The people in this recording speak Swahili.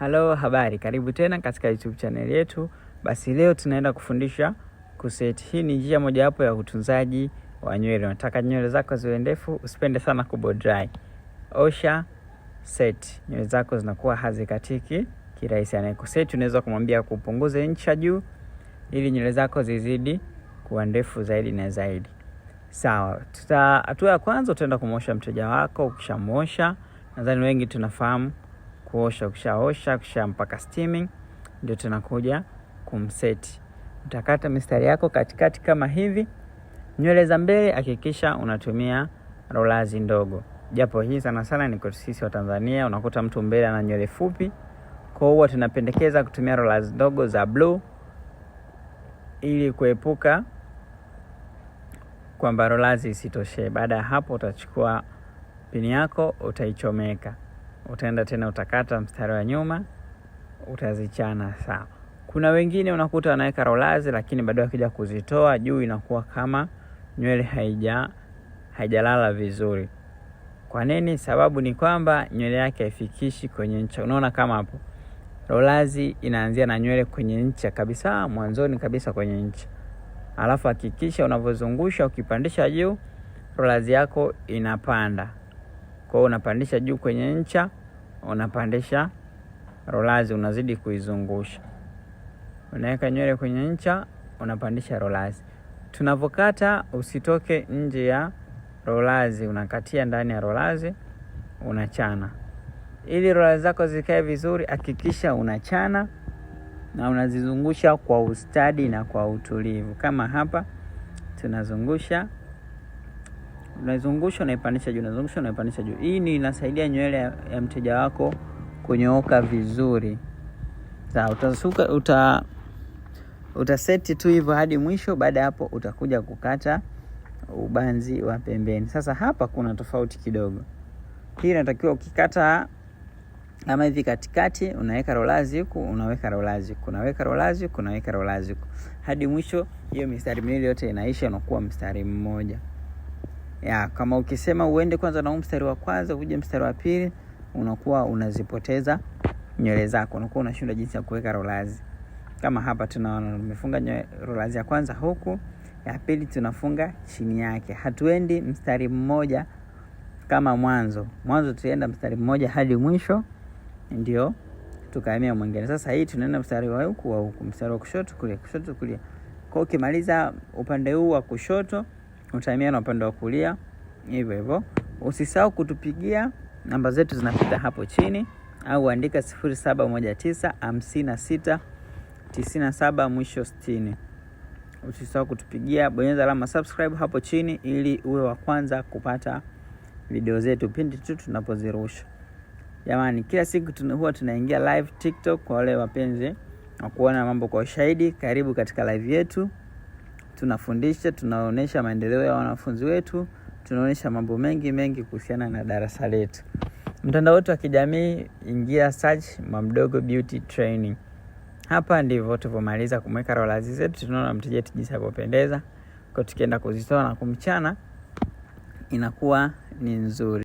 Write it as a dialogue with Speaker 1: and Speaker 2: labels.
Speaker 1: Halo, habari, karibu tena katika YouTube channel yetu. Basi leo tunaenda kufundisha kuseti. Hii ni njia mojawapo ya utunzaji wa nywele. Unataka nywele zako ziwe ndefu, usipende sana kubo dry. Osha, set. Nywele zako zinakuwa hazikatiki kirahisi. Anayekuseti unaweza kumwambia kupunguze incha juu ili nywele zako zizidi kuwa ndefu zaidi na zaidi. Sawa, hatua ya kwanza utaenda kumwosha mteja wako. Ukishamwosha, nadhani wengi tunafahamu kuosha. Ukishaosha kisha mpaka steaming, ndio tunakuja kumseti. Utakata mistari yako katikati kama hivi. Nywele za mbele hakikisha unatumia rolazi ndogo, japo hii sana sana ni kwa sisi wa Tanzania, unakuta mtu mbele ana nywele fupi, kwa hiyo tunapendekeza kutumia rolazi ndogo za bluu ili kuepuka kwamba rolazi isitoshe. Baada ya hapo, utachukua pini yako utaichomeka utaenda tena utakata mstari wa nyuma utazichana sawa. Kuna wengine unakuta wanaweka rolazi, lakini baadaye akija kuzitoa juu inakuwa kama nywele haija haijalala vizuri. Kwa nini? Sababu ni kwamba nywele yake haifikishi kwenye ncha. Unaona kama hapo rolazi inaanzia na nywele kwenye ncha kabisa, mwanzoni kabisa kwenye ncha, alafu hakikisha unavyozungusha ukipandisha juu rolazi yako inapanda. Kwa unapandisha juu kwenye ncha unapandisha rolazi, unazidi kuizungusha, unaweka nywele kwenye ncha, unapandisha rolazi. Tunavokata usitoke nje ya rolazi, unakatia ndani ya rolazi, unachana. Ili rolazi zako zikae vizuri, hakikisha unachana na unazizungusha kwa ustadi na kwa utulivu. Kama hapa tunazungusha unaizungusha unaipandisha juu, unaizungusha unaipandisha juu. Hii ni inasaidia nywele ya mteja wako kunyooka vizuri. Sawa, utasuka uta utaseti tu hivyo hadi mwisho. Baada ya hapo, utakuja kukata ubanzi wa pembeni. Sasa hapa kuna tofauti kidogo, hii inatakiwa ukikata ama hivi katikati, unaweka rolazi huku, unaweka rolazi huku, unaweka rolazi huku, unaweka rolazi huku hadi mwisho. Hiyo mistari miwili yote inaisha, unakuwa mstari mmoja ya, kama ukisema uende kwanza na mstari wa kwanza uje mstari wa pili unakuwa unazipoteza nywele zako, unakuwa unashinda jinsi ya kuweka rolazi. Kama hapa tunaona nimefunga rolazi ya kwanza huku, ya pili tunafunga chini yake, hatuendi mstari mmoja kama mwanzo. Mwanzo tulienda mstari mmoja hadi mwisho ndio tukahamia mwingine. Sasa hii tunaenda mstari wa huku wa huku, mstari wa kushoto kulia, kushoto kulia. Kwa ukimaliza upande huu wa kushoto utaimia na upande wa kulia hivyo hivyo. Usisahau kutupigia namba zetu zinapita hapo chini, au andika 0719569797 mwisho 60. Usisahau kutupigia, bonyeza alama subscribe hapo chini ili uwe wa kwanza kupata video zetu pindi tu tunapozirusha. Jamani, kila siku tuna, huwa tunaingia live TikTok kwa wale wapenzi na kuona mambo kwa ushahidi. Karibu katika live yetu tunafundisha, tunaonyesha maendeleo ya wanafunzi wetu, tunaonyesha mambo mengi mengi kuhusiana na darasa letu. Mtandao wetu wa kijamii, ingia search Mamdogo Beauty Training. Hapa ndivyo tulivyomaliza kumweka rolazi zetu, tunaona mteja wetu jinsi alivyopendeza, kwa tukienda kuzitoa na kumchana inakuwa ni nzuri.